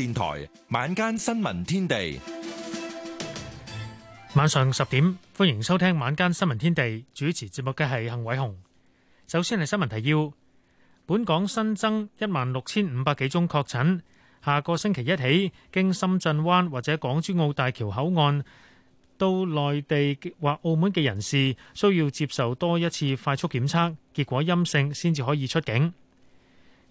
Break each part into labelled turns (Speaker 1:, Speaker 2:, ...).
Speaker 1: 電台晚間新聞天地，晚上十點歡迎收聽晚間新聞天地。主持節目嘅係幸偉雄。首先係新聞提要，本港新增一萬六千五百幾宗確診。下個星期一起，經深圳灣或者港珠澳大橋口岸到內地或澳門嘅人士，需要接受多一次快速檢測，結果陰性先至可以出境。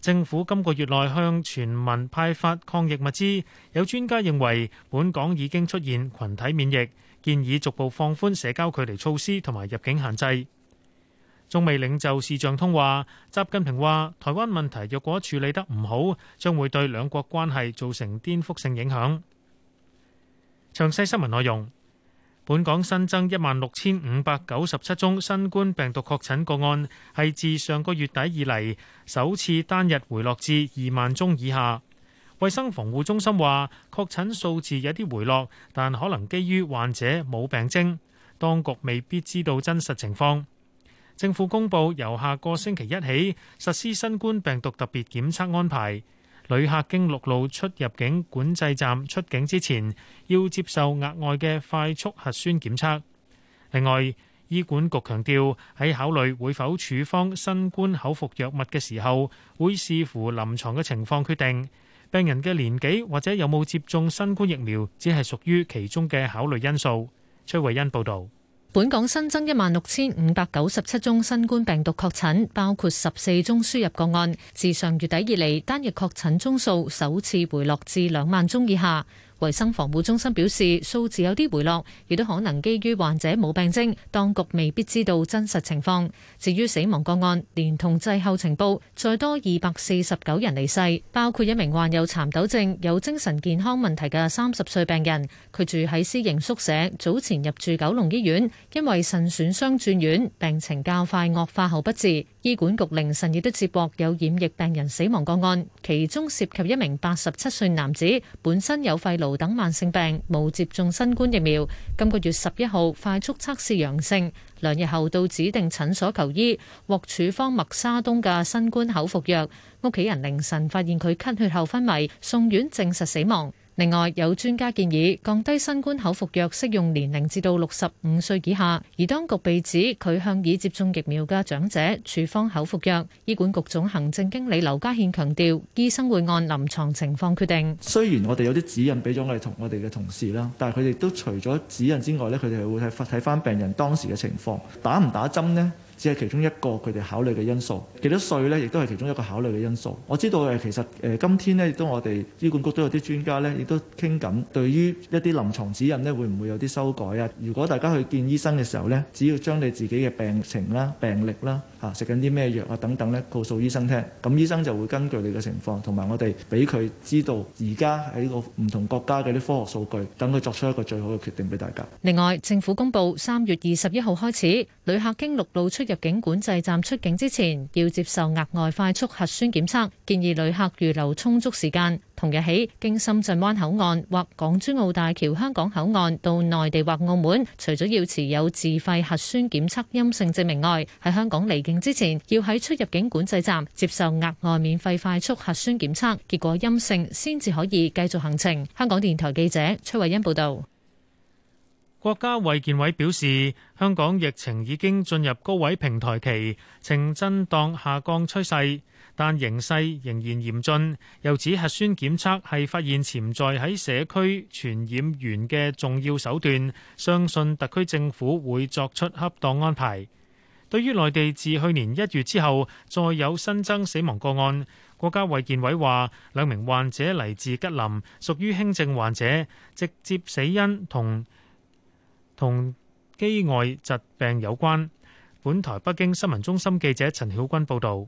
Speaker 1: 政府今個月內向全民派發抗疫物資，有專家認為本港已經出現群體免疫，建議逐步放寬社交距離措施同埋入境限制。中美領袖視像通話，習近平話：台灣問題若果處理得唔好，將會對兩國關係造成顛覆性影響。詳細新聞內容。本港新增一萬六千五百九十七宗新冠病毒確診個案，係自上個月底以嚟，首次單日回落至二萬宗以下。衛生防護中心話，確診數字有啲回落，但可能基於患者冇病徵，當局未必知道真實情況。政府公布由下個星期一起實施新冠病毒特別檢測安排。旅客經陸路出入境管制站出境之前，要接受額外嘅快速核酸檢測。另外，醫管局強調，喺考慮會否處方新冠口服藥物嘅時候，會視乎臨床嘅情況決定。病人嘅年紀或者有冇接種新冠疫苗，只係屬於其中嘅考慮因素。崔慧欣報導。
Speaker 2: 本港新增一萬六千五百九十七宗新冠病毒確診，包括十四宗輸入個案。自上月底以嚟，單日確診宗數首次回落至兩萬宗以下。衛生防護中心表示，數字有啲回落，亦都可能基於患者冇病徵，當局未必知道真實情況。至於死亡個案，連同滯後情報，再多二百四十九人離世，包括一名患有蠶豆症、有精神健康問題嘅三十歲病人，佢住喺私營宿舍，早前入住九龍醫院，因為腎損傷轉院，病情較快惡化後不治。醫管局凌晨亦都接獲有染疫病人死亡個案，其中涉及一名八十七歲男子，本身有肺癆。等慢性病，冇接種新冠疫苗，今個月十一號快速測試陽性，兩日後到指定診所求醫，獲處方默沙東嘅新冠口服藥。屋企人凌晨發現佢咳血後昏迷，送院證實死亡。另外，有專家建議降低新冠口服藥適用年齡至到六十五歲以下，而當局被指佢向已接種疫苗嘅長者處方口服藥。醫管局總行政經理劉家憲強調，醫生會按臨床情況決定。
Speaker 3: 雖然我哋有啲指引俾咗我哋同我哋嘅同事啦，但係佢哋都除咗指引之外咧，佢哋係會睇睇翻病人當時嘅情況，打唔打針呢？只係其中一個佢哋考慮嘅因素，幾多歲呢，亦都係其中一個考慮嘅因素。我知道誒，其實誒，今天呢，亦都我哋醫管局都有啲專家呢，亦都傾緊對於一啲臨床指引呢，會唔會有啲修改啊？如果大家去見醫生嘅時候呢，只要將你自己嘅病情啦、病歷啦、嚇食緊啲咩藥啊，等等咧，告訴醫生聽。咁醫生就會根據你嘅情況，同埋我哋俾佢知道而家喺個唔同國家嘅啲科學數據，等佢作出一個最好嘅決定俾大家。
Speaker 2: 另外，政府公布三月二十一號開始，旅客經陸路出入境管制站出境之前，要接受額外快速核酸檢測，建議旅客預留充足時間。同日起，經深圳灣口岸或港珠澳大橋香港口岸到內地或澳門，除咗要持有自費核酸檢測陰性證明外，喺香港離境之前，要喺出入境管制站接受額外免費快速核酸檢測，結果陰性先至可以繼續行程。香港電台記者崔慧欣報道。
Speaker 1: 國家衛健委表示，香港疫情已經進入高位平台期，呈震盪下降趨勢。但形勢仍然嚴峻，由此，核酸檢測係發現潛在喺社區傳染源嘅重要手段，相信特區政府會作出恰當安排。對於內地自去年一月之後再有新增死亡個案，國家衛健委話兩名患者嚟自吉林，屬於輕症患者，直接死因同同機外疾病有關。本台北京新聞中心記者陳曉君報導。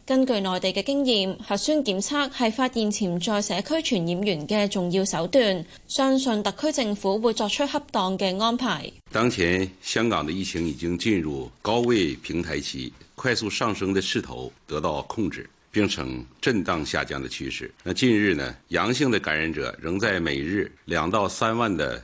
Speaker 4: 根據內地嘅經驗，核酸檢測係發現潛在社區傳染源嘅重要手段。相信特區政府會作出恰當嘅安排。
Speaker 5: 當前香港嘅疫情已經進入高位平台期，快速上升嘅勢頭得到控制，並呈震盪下降嘅趨勢。那近日呢，陽性的感染者仍在每日兩到三萬的，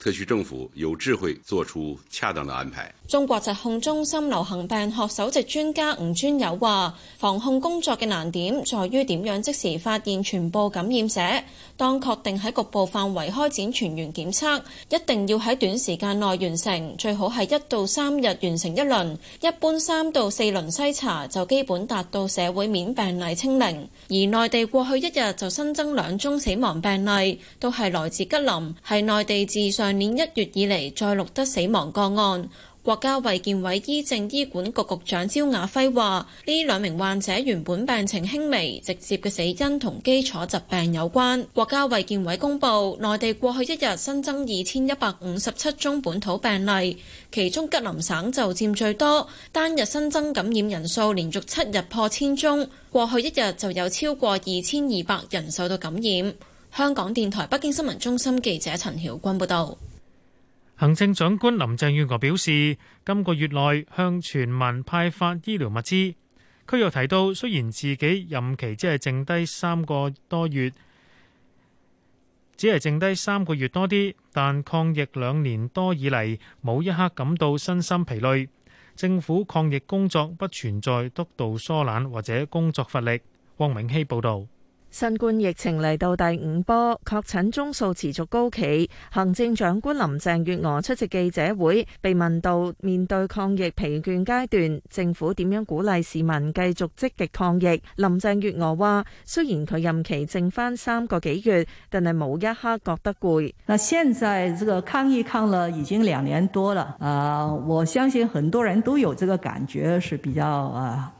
Speaker 5: 特區政府有智慧做出恰當的安排。
Speaker 4: 中國疾控中心流行病學首席專家吳尊友話，防控工作嘅難點在於點樣即時發現全部感染者。當確定喺局部範圍開展全員檢測，一定要喺短時間內完成，最好係一到三日完成一輪，一般三到四輪篩查就基本達到社會面病例清零。而內地過去一日就新增兩宗死亡病例，都係來自吉林，係內地自上。上年一月以嚟再錄得死亡個案，國家衛健委醫政醫管局局長焦雅輝話：呢兩名患者原本病情輕微，直接嘅死因同基礎疾病有關。國家衛健委公布，內地過去一日新增二千一百五十七宗本土病例，其中吉林省就佔最多，單日新增感染人數連續七日破千宗，過去一日就有超過二千二百人受到感染。香港電台北京新聞中心記者陳曉君報道，
Speaker 1: 行政長官林鄭月娥表示，今個月內向全民派發醫療物資。佢又提到，雖然自己任期只係剩低三個多月，只係剩低三個月多啲，但抗疫兩年多以嚟，冇一刻感到身心疲累。政府抗疫工作不存在督導疏懶或者工作乏力。汪永熙報道。
Speaker 4: 新冠疫
Speaker 6: 情嚟到第五波，確診宗數持續高企。行政長官林鄭月娥出席記者會，被問到面對抗疫疲倦階段，政府點樣鼓勵市民繼續積極抗疫？林鄭月娥話：雖然佢任期剩
Speaker 5: 返三個幾月，但係冇一刻覺得攰。那現在這個抗疫抗了已經兩年多了，啊、uh，我相信很多人都有這個感覺，是比較啊。Uh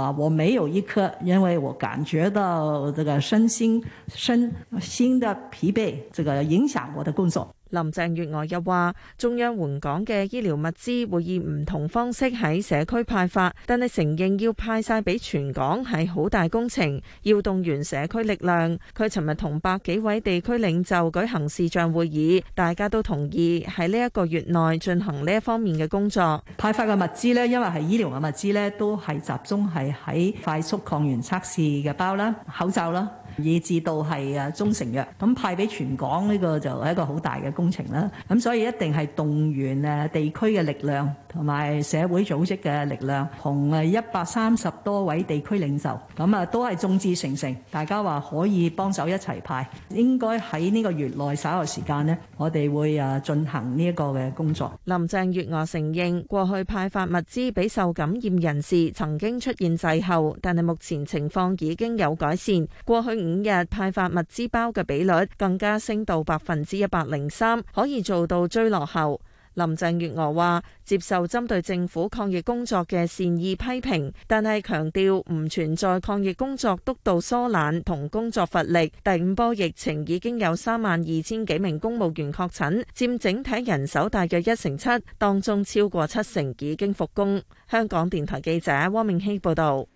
Speaker 5: 啊！我沒有一刻，因為我感覺到這個身心身心的疲憊，這個影響我的工作。林鄭月娥又話
Speaker 6: 中央援港嘅醫療物資會以唔同方式喺社區派發，但係承認要派晒俾全港係好大工程，要動員社區力量。佢尋日同百幾位地區領袖舉行視像會議，大家都同意喺呢一
Speaker 5: 個月內進行呢一方面嘅工作。派發嘅物資咧，因為係醫療嘅物資咧，都係集中喺。喺快速抗原測試嘅包啦、口罩啦，以至到係誒中成藥，咁派俾全港呢個就係一個好大嘅工程啦。咁所以一定係動員誒地區嘅力量。同埋社會組織嘅力量，同埋一百三十多位地區領袖，咁啊都係眾志成城，大家話可以幫手一齊派。應該喺呢個月內稍後時間咧，我哋會啊進行呢一個
Speaker 6: 嘅工作。林鄭月娥承認，過去派發物資俾受感染人士曾經出現滯後，但係目前情況已經有改善。過去五日派發物資包嘅比率更加升到百分之一百零三，可以做到追落後。林鄭月娥話：接受針對政府抗疫工作嘅善意批評，但係強調唔存在抗疫工作督導疏懶同工作乏力。第五波疫情已經有三萬二千幾名公務員確診，佔整體人手大約一成七，當中超過七成已經復工。香港電台記者汪明希報導。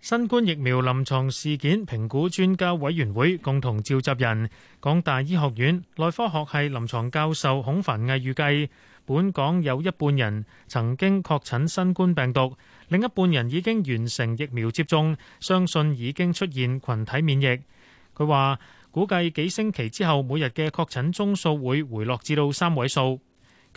Speaker 1: 新冠疫苗臨床事件評估專家委員會共同召集人，港大醫學院內科學系臨床教授孔繁毅預計，本港有一半人曾經確診新冠病毒，另一半人已經完成疫苗接種，相信已經出現群體免疫。佢話估計幾星期之後，每日嘅確診宗數會回落至到三位數。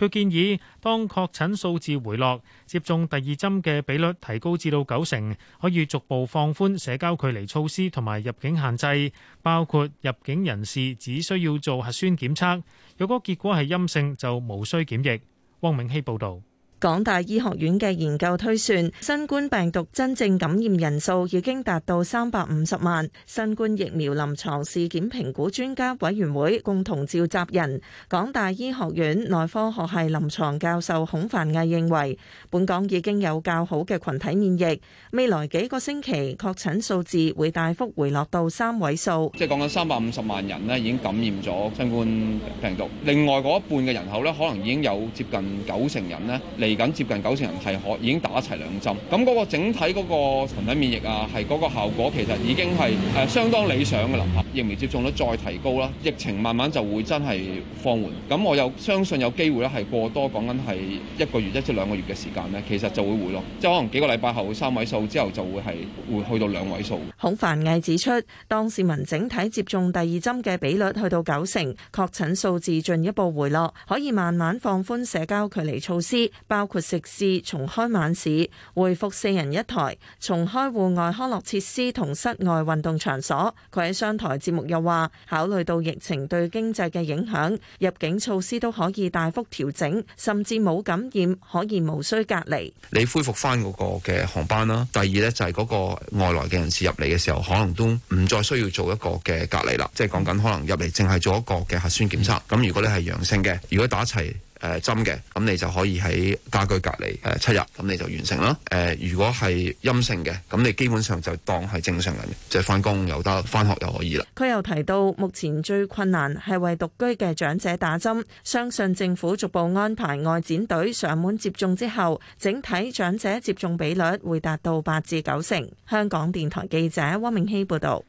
Speaker 1: 佢建議，當確診數字回落，接種第二針嘅比率提高至到九成，可以逐步放寬社交距離措施同埋入境限制，包括入境人士只需要做核酸檢測，如果結果係陰性，就無需檢疫。汪明熙報導。
Speaker 6: 港大醫學院嘅研究推算，新冠病毒真正感染人數已經達到三百五十萬。新冠疫苗臨床事件評估專家委員會共同召集人、港大醫學院內科學系臨床教授孔繁毅認為，本港已經有較好嘅群體免疫，未來幾個星期確診數字會大幅回落到三位數。即係
Speaker 3: 講緊三百五十萬人咧，已經感染咗新冠病毒，另外嗰一半嘅人口咧，可能已經有接近九成人咧嚟緊接近九成人係可已經打齊兩針，咁、那、嗰個整體嗰個群體免疫啊，係嗰個效果其實已經係誒相當理想㗎啦。疫苗接種率再提高啦，疫情慢慢就會真係放緩。咁我又相信有機會咧，係過多講緊係一個月一至兩個月嘅時間呢，其實就會回落，即係可能幾個禮拜後三位數，之後就會係會去到兩位數。
Speaker 6: 孔繁毅指出，當市民整體接種第二針嘅比率去到九成，確診數字進一步回落，可以慢慢放寬社交距離措施。包括食肆重開晚市，恢復四人一台，重開戶外康樂設施同室外運動場所。佢喺商台節目又話，考慮到疫情對經濟嘅影響，入境措施都可以大幅調整，甚至冇感染可以無需隔離。
Speaker 3: 你恢復翻嗰個嘅航班啦。第二呢，就係嗰個外來嘅人士入嚟嘅時候，可能都唔再需要做一個嘅隔離啦。即係講緊可能入嚟淨係做一個嘅核酸檢測。咁、嗯、如果你係陽性嘅，如果打齊。誒針嘅，咁，你就可以喺家居隔離誒，七日，咁、呃、你就完成啦。誒、呃，如果係陰性嘅，咁你基本上就當係正常人，即係翻工又得，翻學又可以啦。
Speaker 4: 佢
Speaker 6: 又提到，目前最困難係為獨居嘅長者打針，相信政府逐步安排外展隊上門接種之後，整體長者接種比率會達到八至九成。香港電台記者汪明熙報導。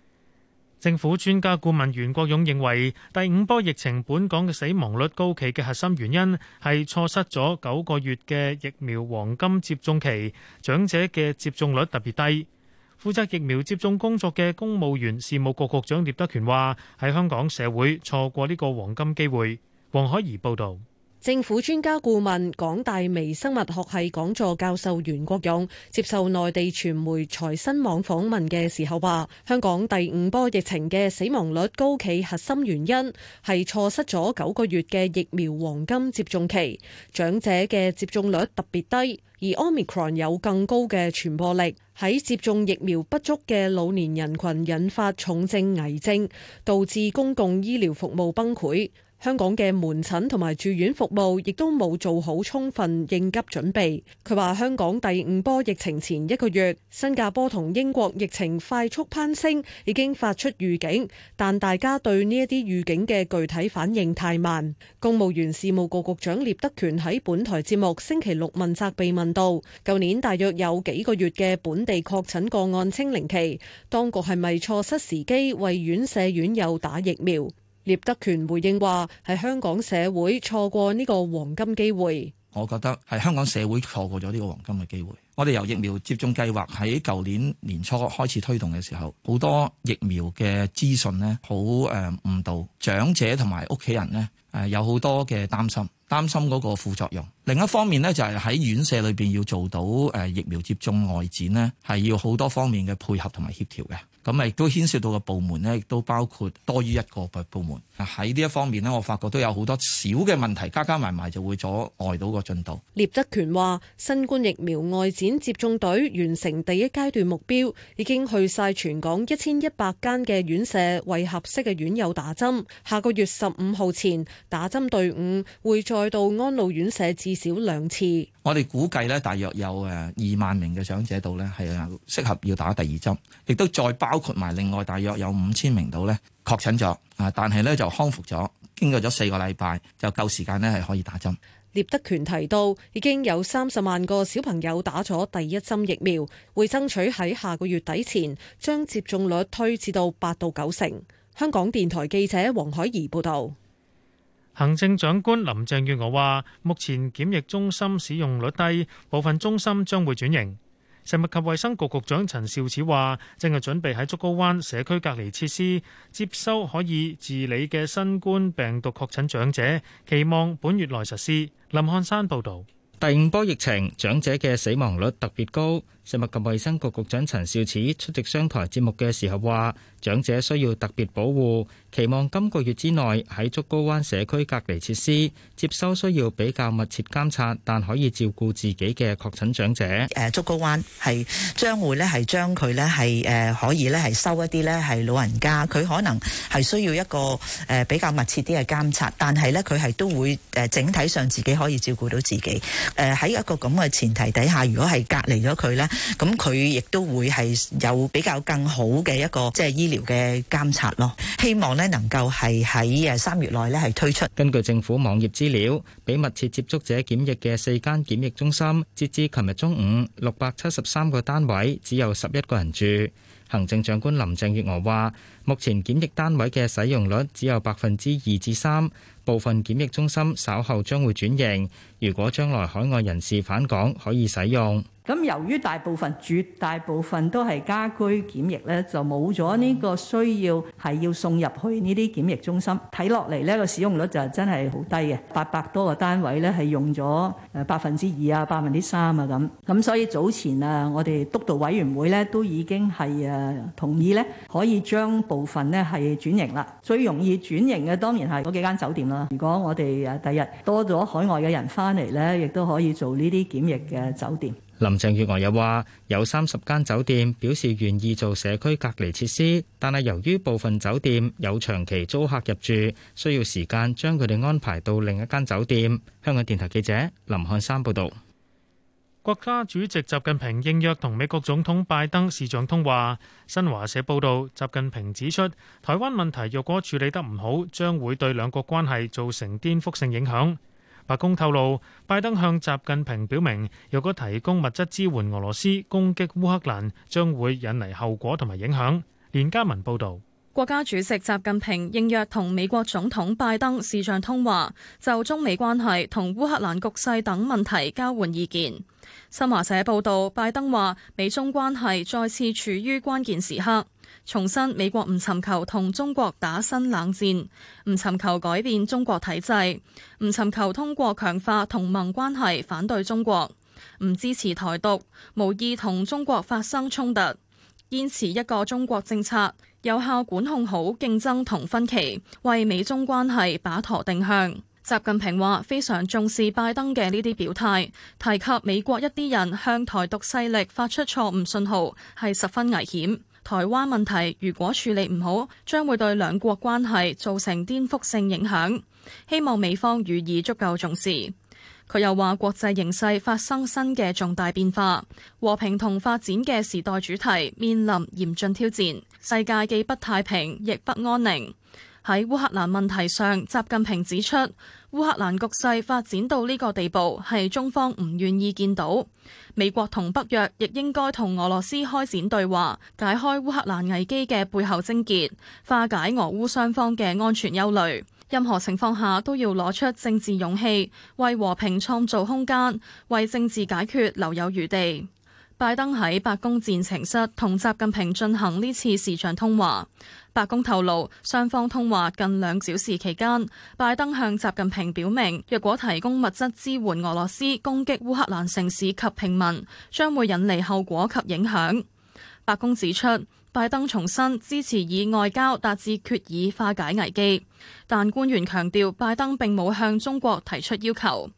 Speaker 1: 政府專家顧問袁國勇認為，第五波疫情本港嘅死亡率高企嘅核心原因係錯失咗九個月嘅疫苗黃金接種期，長者嘅接種率特別低。負責疫苗接種工作嘅公務員事務局局長聶德權話：喺香港社會錯過呢個黃金機會。黃海怡報導。
Speaker 7: 政府專家顧問、港大微生物學系講座教授袁國勇接受內地傳媒財新網訪問嘅時候話：香港第五波疫情嘅死亡率高企，核心原因係錯失咗九個月嘅疫苗黃金接種期，長者嘅接種率特別低，而 Omicron 有更高嘅傳播力，喺接種疫苗不足嘅老年人群引發重症危症，導致公共醫療服務崩潰。香港嘅門診同埋住院服務亦都冇做好充分應急準備，佢話香港第五波疫情前一個月，新加坡同英國疫情快速攀升，已經發出預警，但大家對呢一啲預警嘅具體反應太慢。公務員事務局局長聶德權喺本台節目星期六問責被問到，舊年大約有幾個月嘅本地確診個案清零期，當局係咪錯失時機為院舍院友打疫苗？聶德權回應話：係香港社會錯過呢個黃金機會。
Speaker 3: 我覺得係香港社會錯過咗呢個黃金嘅機會。我哋由疫苗接種計劃喺舊年年初開始推動嘅時候，好多疫苗嘅資訊咧，好誒誤導長者同埋屋企人咧，誒有好多嘅擔心，擔心嗰個副作用。另一方面咧，就係喺院舍裏邊要做到誒疫苗接種外展咧，係要好多方面嘅配合同埋協調嘅。咁亦都牽涉到個部門呢，亦都包括多於一個部門。喺呢一方面咧，我發覺都有好多小嘅問題，加加埋埋就會阻礙到個進度。
Speaker 7: 聶德權話，新冠疫苗外展接種隊完成第一階段目標，已經去晒全港一千一百間嘅院舍，為合適嘅院友打針。下個月十五號前，打針隊伍會再到安老院舍至少兩次。
Speaker 3: 我哋估計咧，大約有誒二萬名嘅長者度呢，係適合要打第二針，亦都再包括埋另外大約有五千名度呢，確診咗，啊，但係呢，就康復咗，經過咗四個禮拜就夠時間呢，係可以打針。
Speaker 7: 聶德權提到，已經有三十萬個小朋友打咗第一針疫苗，會爭取喺下個月底前將接種率推至到八到九成。香港電台記者黃海怡報道。
Speaker 1: 行政長官林鄭月娥話：目前檢疫中心使用率低，部分中心將會轉型。食物及衛生局局長陳肇始話：正係準備喺竹篙灣社區隔離設施接收可以治理嘅新冠病毒確診長者，期望本月內實施。林漢山報道：
Speaker 8: 第五波疫情，長者嘅死亡率特別高。食物及衛生局局長陳肇始出席商台節目嘅時候話：長者需要特別保護，期望今個月之內喺竹篙灣社區隔離設施接收需要比較密切監察，但可以照顧自己嘅確診長者。誒，竹篙灣係將會呢係將佢呢係誒可以呢係收一啲呢係老人家，佢可能
Speaker 5: 係需要一個誒比較密切啲嘅監察，但係呢佢係都會誒整體上自己可以照顧到自己。誒喺一個咁嘅前提底下，如果係隔離咗佢呢。咁
Speaker 8: 佢亦都會係有比較更好嘅一個即係醫療嘅監察咯，希望呢能夠係喺誒三月內呢係推出。根據政府網頁資料，俾密切接觸者檢疫嘅四間檢疫中心，截至琴日中午六百七十三個單位，只有十一個人住。行政長官林鄭月娥話。目前檢疫單位嘅使用率只有百分之二至三，部分檢疫中心稍後將會轉型。如果將來海外人士返港，可以使用。
Speaker 5: 咁由於大部分絕大部分都係家居檢疫咧，就冇咗呢個需要係要送入去呢啲檢疫中心。睇落嚟呢個使用率就真係好低嘅，八百多個單位咧係用咗誒百分之二啊、百分之三啊咁。咁所以早前啊，我哋督導委員會咧都已經係誒同意咧，可以將部分呢係轉型啦，最容易轉型嘅當然係嗰幾間酒店啦。如果我哋誒第日多咗海外嘅人翻嚟呢，亦都可以做呢啲檢疫嘅酒店。
Speaker 8: 林鄭月娥又話：有三十間酒店表示願意做社區隔離設施，但係由於部分酒店有長期租客入住，需要時間將佢哋安排到另一間酒店。香港電台記者林漢山報道。
Speaker 1: 國家主席習近平應約同美國總統拜登市長通話。新華社報道，習近平指出，台灣問題若果處理得唔好，將會對兩國關係造成顛覆性影響。白宮透露，拜登向習近平表明，若果提供物質支援俄羅斯攻擊烏克蘭，將會引嚟後果同埋影響。連加文報道。
Speaker 9: 國家主席習近平應約同美國總統拜登視像通話，就中美關係同烏克蘭局勢等問題交換意見。新華社報道，拜登話：美中關係再次處於關鍵時刻，重申美國唔尋求同中國打新冷戰，唔尋求改變中國體制，唔尋求通過強化同盟關係反對中國，唔支持台獨，無意同中國發生衝突，堅持一個中國政策。有效管控好競爭同分歧，為美中關係把舵定向。習近平話：非常重視拜登嘅呢啲表態，提及美國一啲人向台獨勢力發出錯誤信號，係十分危險，台灣問題如果處理唔好，將會對兩國關係造成顛覆性影響，希望美方予以足夠重視。佢又話：國際形勢發生新嘅重大變化，和平同發展嘅時代主題面臨嚴峻挑戰，世界既不太平，亦不安寧。喺烏克蘭問題上，習近平指出，烏克蘭局勢發展到呢個地步，係中方唔願意見到。美國同北約亦應該同俄羅斯開展對話，解開烏克蘭危機嘅背後症結，化解俄烏雙方嘅安全憂慮。任何情況下都要攞出政治勇氣，為和平創造空間，為政治解決留有餘地。拜登喺白宮戰情室同習近平進行呢次視像通話。白宮透露，雙方通話近兩小時期間，拜登向習近平表明，若果提供物質支援俄羅斯攻擊烏克蘭城市及平民，將會引嚟後果及影響。白宮指出。拜登重申支持以外交達至決議化解危機，但官員強調拜登並冇向中國提出要求。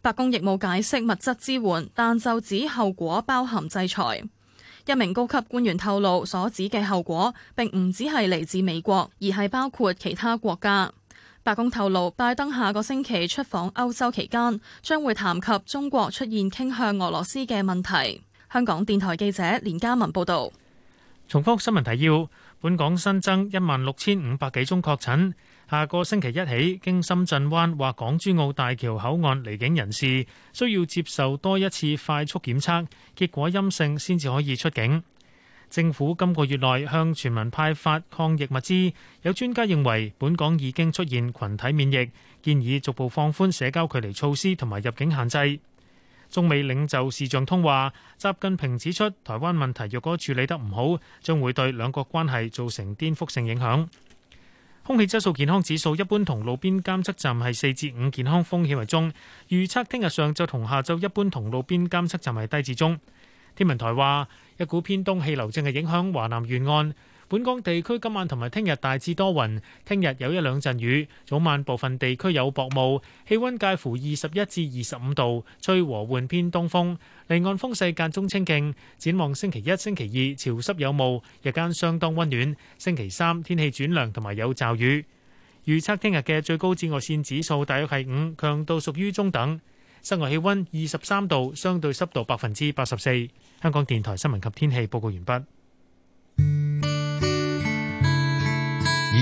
Speaker 9: 白宮亦冇解釋物質支援，但就指後果包含制裁。一名高級官員透露，所指嘅後果並唔只係嚟自美國，而係包括其他國家。白宮透露，拜登下個星期出訪歐洲期間，將會談及中國出現傾向俄羅斯嘅問題。香港電台記者連嘉文報道。
Speaker 1: 重複新聞提要：本港新增一萬六千五百幾宗確診，下個星期一起經深圳灣或港珠澳大橋口岸離境人士需要接受多一次快速檢測，結果陰性先至可以出境。政府今個月內向全民派發抗疫物資，有專家認為本港已經出現群體免疫，建議逐步放寬社交距離措施同埋入境限制。中美領袖視像通話，習近平指出，台灣問題若果處理得唔好，將會對兩國關係造成顛覆性影響。空氣質素健康指數一般同路邊監測站係四至五，健康風險為中，預測聽日上晝同下晝一般同路邊監測站係低至中。天文台話，一股偏東氣流正係影響華南沿岸。本港地區今晚同埋聽日大致多雲，聽日有一兩陣雨，早晚部分地區有薄霧，氣温介乎二十一至二十五度，吹和緩偏東風，離岸風勢間中清勁。展望星期一、星期二潮濕有霧，日間相當温暖。星期三天氣轉涼同埋有驟雨。預測聽日嘅最高紫外線指數大約係五，強度屬於中等。室外氣温二十三度，相對濕度百分之八十四。香港電台新聞及天氣報告完畢。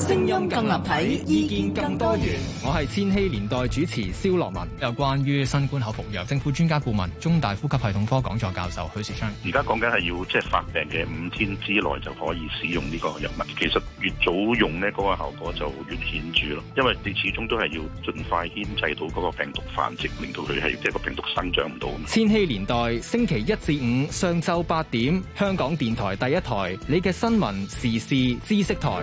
Speaker 5: 聲音更立體，
Speaker 3: 意見更多元。我係千禧年代主持蕭樂文。有關於新冠口服藥，由政府專家顧問、中大呼吸系統科講座教授許樹昌。而家講緊係要即係、就是、發病嘅五天之內就可以使用呢個藥物。其實越早用呢嗰個效果就越顯著咯，因為你始終都係要盡快牽制到嗰個病毒繁殖，令到佢係即係個病毒生長唔到。千禧年代星期一至五上晝八點，香港電台第一台，你嘅
Speaker 1: 新聞時事知識台。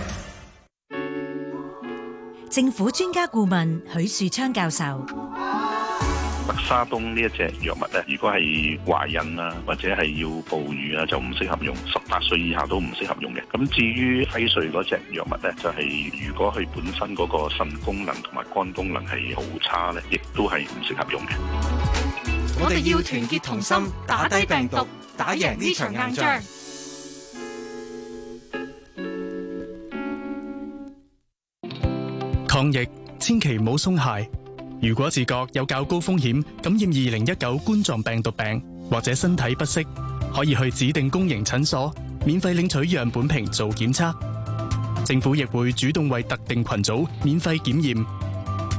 Speaker 2: 政府專家顧問許樹昌教授，
Speaker 3: 默沙東呢一隻藥物咧，如果係懷孕啦，或者係要哺乳啊，就唔適合用。十八歲以下都唔適合用嘅。咁至於輝瑞嗰隻藥物咧，就係、是、如果佢本身嗰個腎功能同埋肝功能係好差咧，亦都係唔適合用嘅。
Speaker 5: 我哋要團結同心，打低病毒，打贏呢場硬仗。
Speaker 1: 抗疫千祈唔好鬆懈。如果自覺有較高風險感染二零一九冠狀病毒病，或者身體不適，可以去指定公營診所免費領取樣本瓶做檢測。政府亦會主動為特定群組免費檢驗。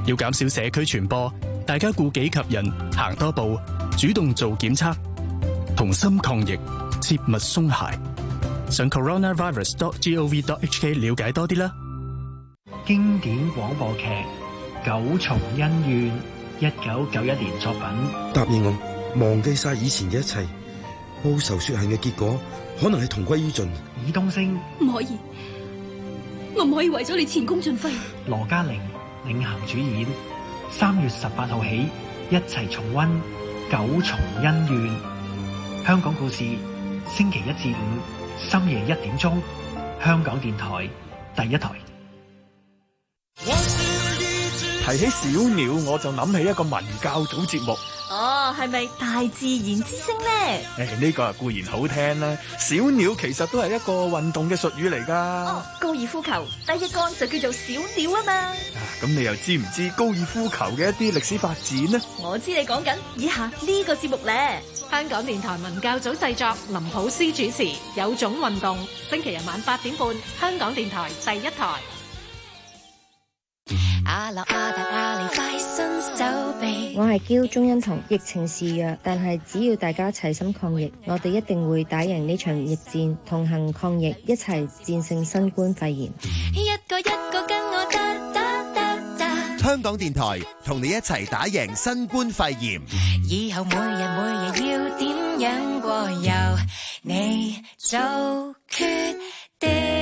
Speaker 1: 要減少社區傳播，大家顧己及人，行多步，主動做檢測，同心抗疫，切勿鬆懈。上 coronavirus.gov.hk 了解多啲啦。經典廣播劇《九重恩怨》，一九九一年作品。答應我，忘記
Speaker 3: 晒以前嘅一切，報仇雪恨嘅結果可能係同歸於盡。
Speaker 1: 以東升，
Speaker 4: 唔可以，我唔可以為咗你前功盡廢。
Speaker 3: 羅嘉玲領銜
Speaker 1: 主演，三月十八號起一齊重溫《九重恩怨》。香港故事，星期一至五深夜一點鐘，香港電台第一台。
Speaker 3: 提起小鳥，我就諗起一個文教組節目。
Speaker 5: 哦，係咪大自
Speaker 4: 然之聲呢？
Speaker 3: 誒，呢個固然好聽啦。小鳥其實都係一個運動嘅術語嚟噶。
Speaker 4: 哦，高爾夫球第一個就叫做小鳥啊嘛。咁、
Speaker 3: 啊、你又知唔知高爾夫球嘅一啲歷史發展呢？
Speaker 4: 我知你講緊以下呢個節目咧。
Speaker 2: 香港電台文教組製作，林普斯主持，有種運動，星期日晚八點半，香港電台第一台。.
Speaker 8: 我係嬌鍾欣彤，疫情肆虐，但係只要大家齊心抗疫，我哋一定會打贏呢場疫戰，同行抗疫，一齊戰勝新冠肺炎。
Speaker 4: 一個一個跟我打打
Speaker 3: 打打，香港電台同你一齊打贏新冠肺炎。以後每日每日
Speaker 2: 要點樣過？由你做決定。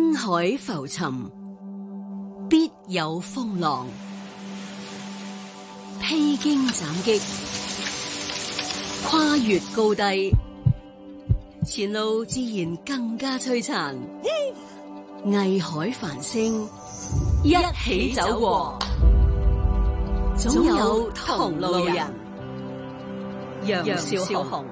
Speaker 5: 海浮沉，必有風浪；披荊斬棘，跨越高低，前路自然更加璀璨。藝海繁星，一起走過，總有同路人。楊少紅。